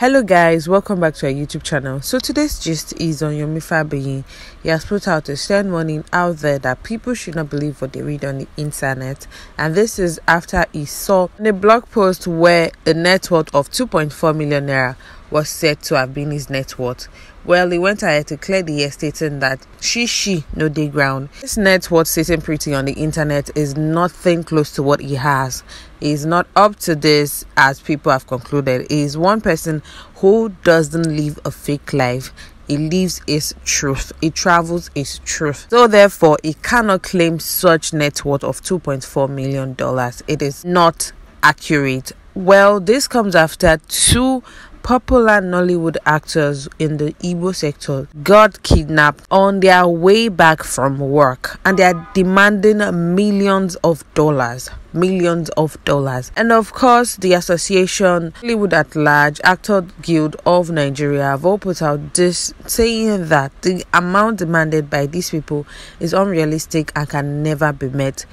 Hello guys, welcome back to our YouTube channel. So today's gist is on Yomi Fabiyi. He has put out a stern warning out there that people should not believe what they read on the internet. And this is after he saw in a blog post where a net worth of 2.4 million naira was said to have been his net worth. Well, he went ahead to clear the air, stating that she, she, no day ground. His net worth sitting pretty on the internet is nothing close to what he has. He's not up to this, as people have concluded. He is one person who doesn't live a fake life. He lives his truth. He travels his truth. So therefore, he cannot claim such net worth of 2.4 million dollars. It is not accurate. Well, this comes after two popular Nollywood actors in the Igbo sector got kidnapped on their way back from work and they are demanding millions of dollars millions of dollars. And of course, the association, Hollywood at Large, Actor Guild of Nigeria, have all put out this saying that the amount demanded by these people is unrealistic and can never be met.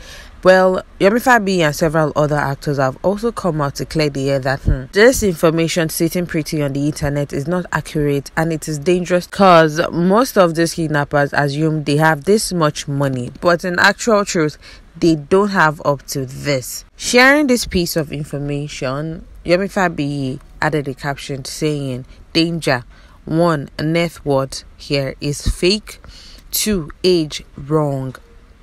Well, Yomi Fabi and several other actors have also come out to clear the air that hmm, this information sitting pretty on the internet is not accurate and it is dangerous because most of these kidnappers assume they have this much money, but in actual truth, they don't have up to this. Sharing this piece of information, Yomi Fabi added a caption saying, Danger. One, net worth here is fake. Two, age wrong.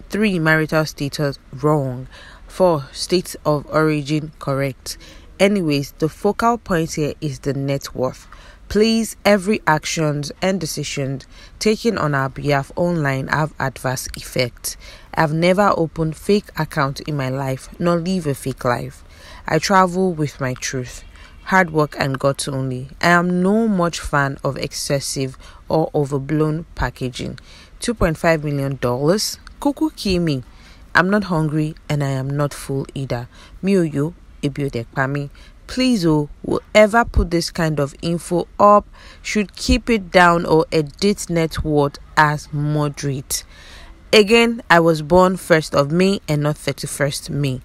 Three, marital status wrong. Four, state of origin correct. Anyways, the focal point here is the net worth. Please, every actions and decisions taken on our behalf online have adverse effect. I've never opened fake account in my life, nor live a fake life. I travel with my truth, hard work and guts only. I am no much fan of excessive or overblown packaging. $2.5 million? Kuku Kimi. I'm not hungry and I am not full either. Miyo yo, ebi please oh whoever put this kind of info up should keep it down or edit net worth as moderate again i was born 1st of may and not 31st may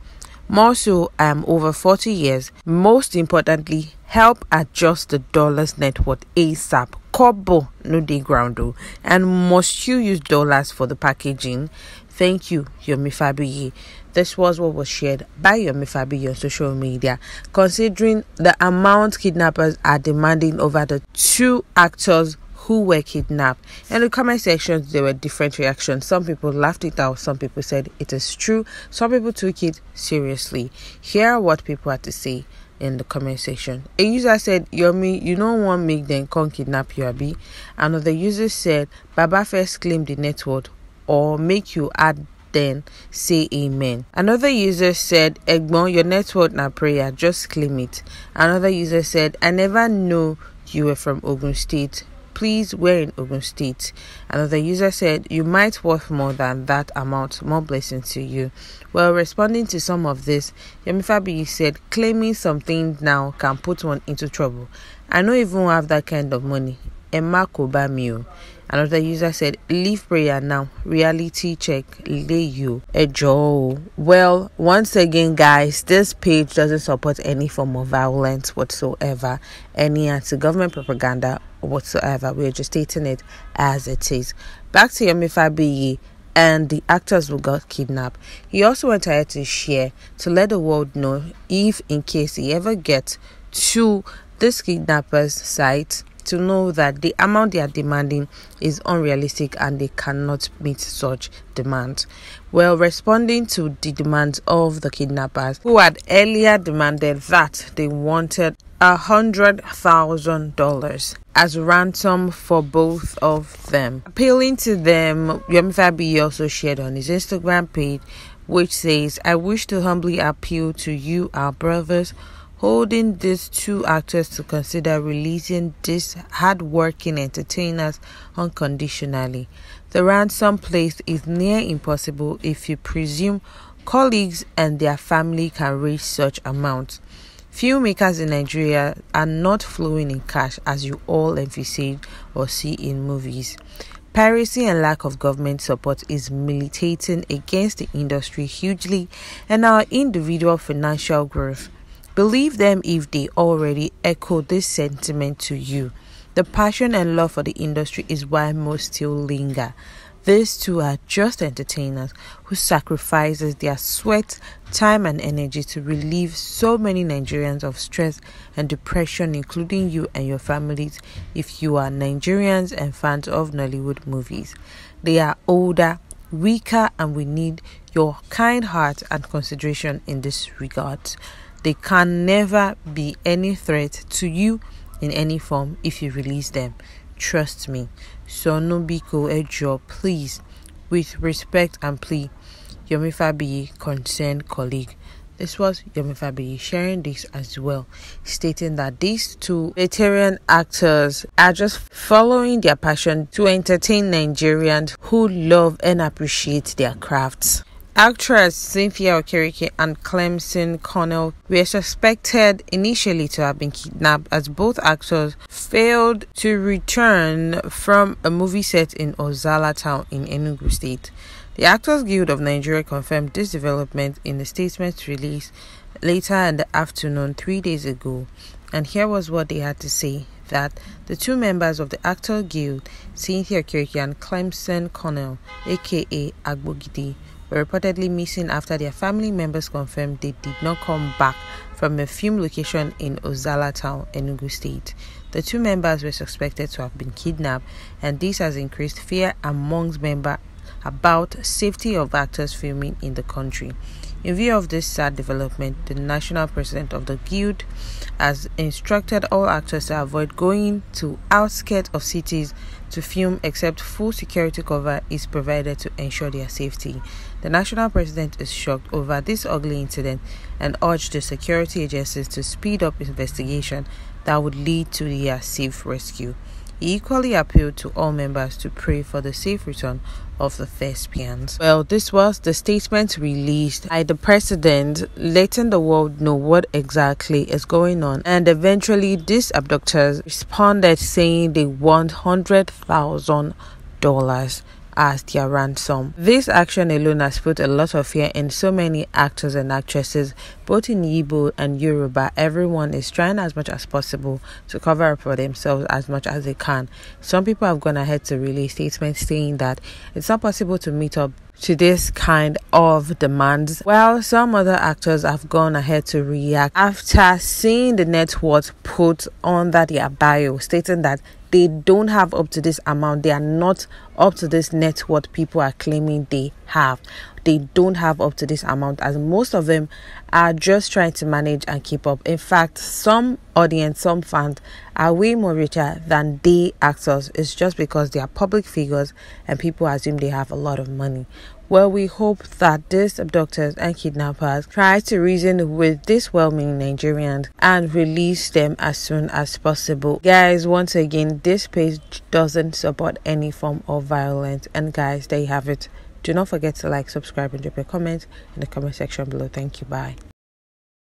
more so i am over 40 years most importantly help adjust the dollars net worth asap kobo no day ground oh. and must you use dollars for the packaging Thank you, Yomi Fabiyi. This was what was shared by Yomi Fabiyi on social media. Considering the amount kidnappers are demanding over the two actors who were kidnapped. In the comment section, there were different reactions. Some people laughed it out, some people said it is true, some people took it seriously. Here are what people had to say in the comment section. A user said, Yomi, you don't want me, then come kidnap you, Abi. Another user said, Baba first claimed the network, or make you add then say amen. Another user said, Egbon, your network na prayer, just claim it. Another user said, I never know you were from Ogun State. Please, we're in Ogun State. Another user said, You might worth more than that amount. More blessing to you. Well, responding to some of this, Yemi Fabi said, Claiming something now can put one into trouble. I don't even have that kind of money. Emma Kobamio. Another user said, Leave prayer now. Reality check. Lay you. a jaw. Well, once again, guys, this page doesn't support any form of violence whatsoever, any anti government propaganda whatsoever. We're just stating it as it is. Back to Yomifa Biyi and the actors who got kidnapped. He also went ahead to share to let the world know if, in case he ever gets to this kidnapper's site, to know that the amount they are demanding is unrealistic and they cannot meet such demand. Well, responding to the demands of the kidnappers who had earlier demanded that they wanted a hundred thousand dollars as ransom for both of them. Appealing to them, Fabi also shared on his Instagram page, which says, I wish to humbly appeal to you, our brothers holding these two actors to consider releasing these hard-working entertainers unconditionally. The ransom placed is near impossible if you presume colleagues and their family can raise such amounts. Filmmakers in Nigeria are not flowing in cash as you all envisage or see in movies. Piracy and lack of government support is militating against the industry hugely and our individual financial growth. Believe them if they already echo this sentiment to you. The passion and love for the industry is why most still linger. These two are just entertainers who sacrifices their sweat, time and energy to relieve so many Nigerians of stress and depression including you and your families if you are Nigerians and fans of Nollywood movies. They are older, weaker and we need your kind heart and consideration in this regard. They can never be any threat to you in any form if you release them. Trust me. So no biko ejo, please, with respect and plea. Yomi concerned colleague. This was Yomi sharing this as well, stating that these two Nigerian actors are just following their passion to entertain Nigerians who love and appreciate their crafts. Actress Cynthia Okereke and Clemson Connell were suspected initially to have been kidnapped as both actors failed to return from a movie set in Ozala town in Enugu state. The Actors Guild of Nigeria confirmed this development in a statement released later in the afternoon three days ago, and here was what they had to say that the two members of the Actor Guild, Cynthia Okereke and Clemson Connell, aka Agbogidi, were reportedly missing after their family members confirmed they did not come back from a film location in Ozala town, Enugu state. The two members were suspected to have been kidnapped, and this has increased fear amongst members about safety of actors filming in the country. In view of this sad development, the national president of the guild has instructed all actors to avoid going to outskirts of cities to film except full security cover is provided to ensure their safety. The national president is shocked over this ugly incident and urged the security agencies to speed up investigation that would lead to their safe rescue. He equally appealed to all members to pray for the safe return of the thespians. Well, this was the statement released by the president, letting the world know what exactly is going on. And eventually, these abductors responded saying they want $100,000 as their ransom. This action alone has put a lot of fear in so many actors and actresses, both in Igbo and Yoruba. Everyone is trying as much as possible to cover up for themselves as much as they can. Some people have gone ahead to release statements saying that it's not possible to meet up to this kind of demands. While some other actors have gone ahead to react after seeing the net worth put on that their bio, stating that they don't have up to this amount. They are not up to this net worth people are claiming they have. They don't have up to this amount, as most of them are just trying to manage and keep up. In fact, some audience, some fans are way more richer than they actors. It's just because they are public figures and people assume they have a lot of money. Well, we hope that these abductors and kidnappers try to reason with these well meaning Nigerians and release them as soon as possible. Guys, once again, this page doesn't support any form of violence, and guys, there you have it. Do not forget to like, subscribe, and drop your comments in the comment section below. Thank you. Bye.